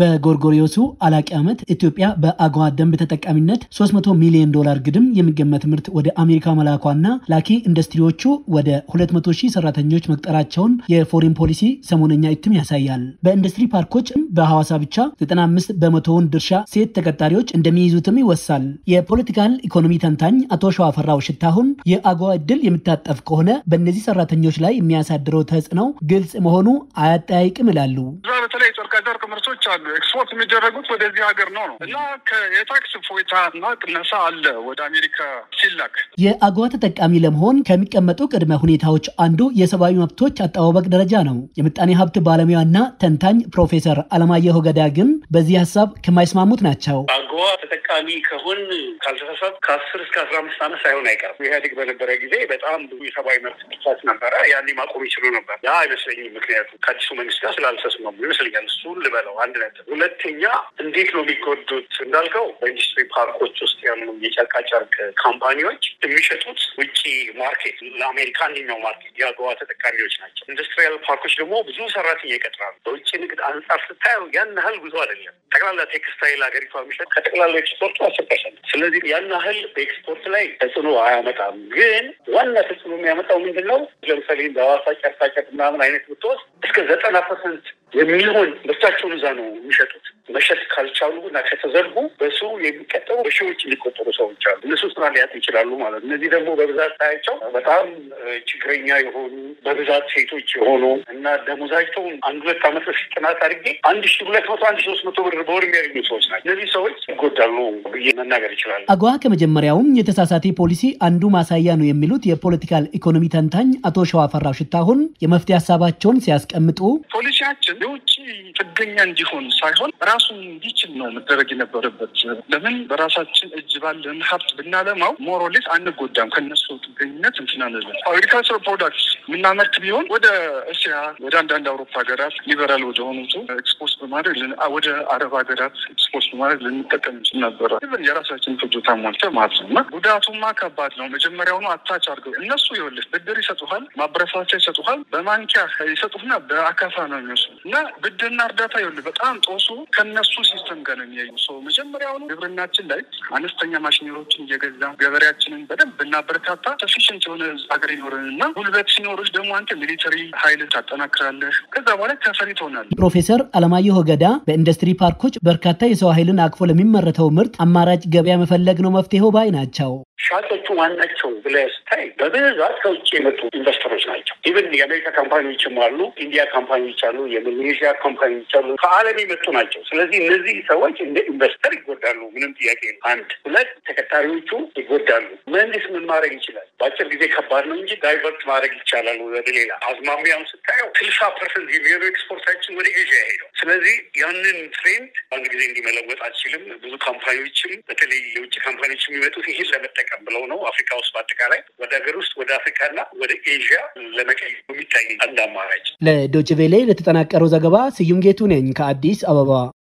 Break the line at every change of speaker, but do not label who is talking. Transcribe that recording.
በጎርጎሪዮሱ አላቂ ዓመት ኢትዮጵያ በአገዋ ደንብ ተጠቃሚነት 300 ሚሊዮን ዶላር ግድም የሚገመት ምርት ወደ አሜሪካ መላኳና ላኪ ኢንዱስትሪዎቹ ወደ 200 ሺህ ሰራተኞች መቅጠራቸውን የፎሪን ፖሊሲ ሰሞነኛ እትም ያሳያል። በኢንዱስትሪ ፓርኮች በሐዋሳ ብቻ 95 በመቶውን ድርሻ ሴት ተቀጣሪዎች እንደሚይዙትም ይወሳል። የፖለቲካል ኢኮኖሚ ተንታኝ አቶ ሸዋፈራው ሽታሁን የአገዋ እድል የሚታጠፍ ከሆነ በእነዚህ ሰራተኞች ላይ የሚያሳድረው ተጽዕኖ ግልጽ መሆኑ አያጠያይቅም ይላሉ።
ከጨርቅ ምርቶች አሉ ኤክስፖርት የሚደረጉት ወደዚህ ሀገር ነው ነው እና የታክስ ፎይታ እና ቅነሳ አለ ወደ አሜሪካ
ሲላክ። የአጎዋ ተጠቃሚ ለመሆን ከሚቀመጡ ቅድመ ሁኔታዎች አንዱ የሰብአዊ መብቶች አጠባበቅ ደረጃ ነው። የምጣኔ ሀብት ባለሙያና ተንታኝ ፕሮፌሰር አለማየሁ ገዳ ግን በዚህ ሀሳብ ከማይስማሙት ናቸው።
ተጠቃሚ ከሆን ካልተሳሳት ከአስር እስከ አስራ አምስት አመት ሳይሆን አይቀርም። ኢህአዴግ በነበረ ጊዜ በጣም ብዙ የሰብአዊ መብት ጥሰት ነበረ። ያኔ ማቆም ይችሉ ነበር። ያ አይመስለኝም። ምክንያቱ ከአዲሱ መንግስት ጋር ስላልተስማሙ ይመስለኛል። እሱን ልበለው አንድ ነጥብ። ሁለተኛ እንዴት ነው የሚጎዱት እንዳልከው በኢንዱስትሪ ፓርኮች ውስጥ ያሉ የጨርቃጨርቅ ካምፓኒዎች የሚሸጡት ውጭ ማርኬት ለአሜሪካ አንደኛው ማርኬት የአገዋ ተጠቃሚዎች ናቸው። ኢንዱስትሪያል ፓርኮች ደግሞ ብዙ ሰራተኛ ይቀጥራሉ። በውጭ ንግድ አንጻር ስታየው ያን ያህል ብዙ አይደለም። ጠቅላላ ቴክስታይል ሀገሪቷ የሚሸጥ ከጠቅላላ ውጭ ኤክስፖርቱ አስር ፐርሰንት። ስለዚህ ያን ያህል በኤክስፖርት ላይ ተጽዕኖ አያመጣም። ግን ዋና ተጽዕኖ የሚያመጣው ምንድን ነው? ለምሳሌ በሐዋሳ ጨርሳጨር ምናምን አይነት ብትወስድ እስከ ዘጠና ፐርሰንት የሚሆን ምርታቸውን እዛ ነው የሚሸጡት። መሸጥ ካልቻሉ እና ከተዘርጉ በሱ የሚቀጠሩ በሺዎች የሚቆጠሩ ሰዎች አሉ። እነሱ ስራ ሊያጡ ይችላሉ ማለት ነው። እነዚህ ደግሞ በብዛት ታያቸው በጣም ችግረኛ የሆኑ በብዛት ሴቶች የሆኑ እና ደሞዛቸውን አንድ ሁለት አመት በፊት ጥናት አድርጌ አንድ ሺ ሁለት መቶ አንድ ሺ ሶስት መቶ ብር በወር የሚያገኙ ሰዎች ናቸው። እነዚህ ሰዎች ይጎዳሉ ብዬ መናገር ይችላሉ።
አገዋ ከመጀመሪያውም የተሳሳቴ ፖሊሲ አንዱ ማሳያ ነው የሚሉት የፖለቲካል ኢኮኖሚ ተንታኝ አቶ ሸዋፈራው ሽታሁን የመፍትሄ ሀሳባቸውን ሲያስቀምጡ
ፖሊሲያችን የውጭ ጥገኛ እንዲሆን ሳይሆን ራሱን እንዲችል ነው መደረግ የነበረበት። ለምን በራሳችን እጅ ባለን ሀብት ብናለማው ሞሮሌት አንጎዳም። ከነሱ ጥገኝነት እንትናለለን። አግሪካልቸር ፕሮዳክት የምናመርት ቢሆን ወደ እስያ፣ ወደ አንዳንድ አውሮፓ ሀገራት ሊበራል ወደ ሆኑቱ ኤክስፖርት በማድረግ ወደ አረብ ሀገራት ኤክስፖርት በማድረግ ልንጠቀም እንችል ነበረ። የራሳችን ፍጆታ ሟልተ ማለት ነው። እና ጉዳቱማ ከባድ ነው። መጀመሪያውኑ አታች አድርገው እነሱ ይኸውልህ ብድር ይሰጡሃል፣ ማበረታቻ ይሰጡሃል፣ በማንኪያ ይሰጡህና በአካፋ ነው የሚወስዱ እና ብድርና እርዳታ ይኸውልህ በጣም ጦሱ ከነሱ ሲስተም ጋር ነው የሚያዩ ሰው መጀመሪያውኑ ግብርናችን ላይ አነስተኛ ማሽነሪዎችን እየገዛ ገበሬያችንን በደንብ እናበረታታ። ሰፊሽንት የሆነ ሀገር ይኖረን እና ጉልበት ሲኖሮች ደግሞ አንተ ሚሊተሪ ሀይል ታጠናክራለህ። ከዛ በኋላ ተፈሪ ትሆናለህ።
ፕሮፌሰር አለማየሁ ገዳ በኢንዱስትሪ ፓርኮች በርካታ የሰው ሀይልን አቅፎ ለሚመረተው ምርት አማራጭ ገበያ መፈለግ ነው መፍትሄው ባይ ናቸው።
ሻጮቹ ዋናቸው ብለህ ስታይ በብዛት ከውጭ የመጡ ኢንቨስተሮች ናቸው። ኢቨን የአሜሪካ ካምፓኒዎችም አሉ፣ ኢንዲያ ካምፓኒዎች አሉ የምን የኤዥያ ኮምፓኒ አሉ፣ ከአለም የመጡ ናቸው። ስለዚህ እነዚህ ሰዎች እንደ ኢንቨስተር ይጎዳሉ፣ ምንም ጥያቄ። አንድ ሁለት ተቀጣሪዎቹ ይጎዳሉ። መንግስት ምን ማድረግ ይችላል? በአጭር ጊዜ ከባድ ነው እንጂ ዳይቨርት ማድረግ ይቻላል ወደ ሌላ አዝማሚያም ስታየው ስልሳ ፐርሰንት የሚሆነው ኤክስፖርታችን ወደ ኤዥያ ሄደው። ስለዚህ ያንን ትሬንድ በአንድ ጊዜ እንዲመለወጥ አልችልም። ብዙ ካምፓኒዎችም በተለይ የውጭ ካምፓኒዎች የሚመጡት ይህን ለመጠቀም ብለው ነው። አፍሪካ ውስጥ በአጠቃላይ ወደ ሀገር ውስጥ ወደ አፍሪካና ወደ ኤዥያ ለመቀየ የሚታይ
አንድ አማራጭ። ለዶችቬሌ ለተጠናቀረው ዘገባ ስዩም ጌቱ ነኝ ከአዲስ አበባ።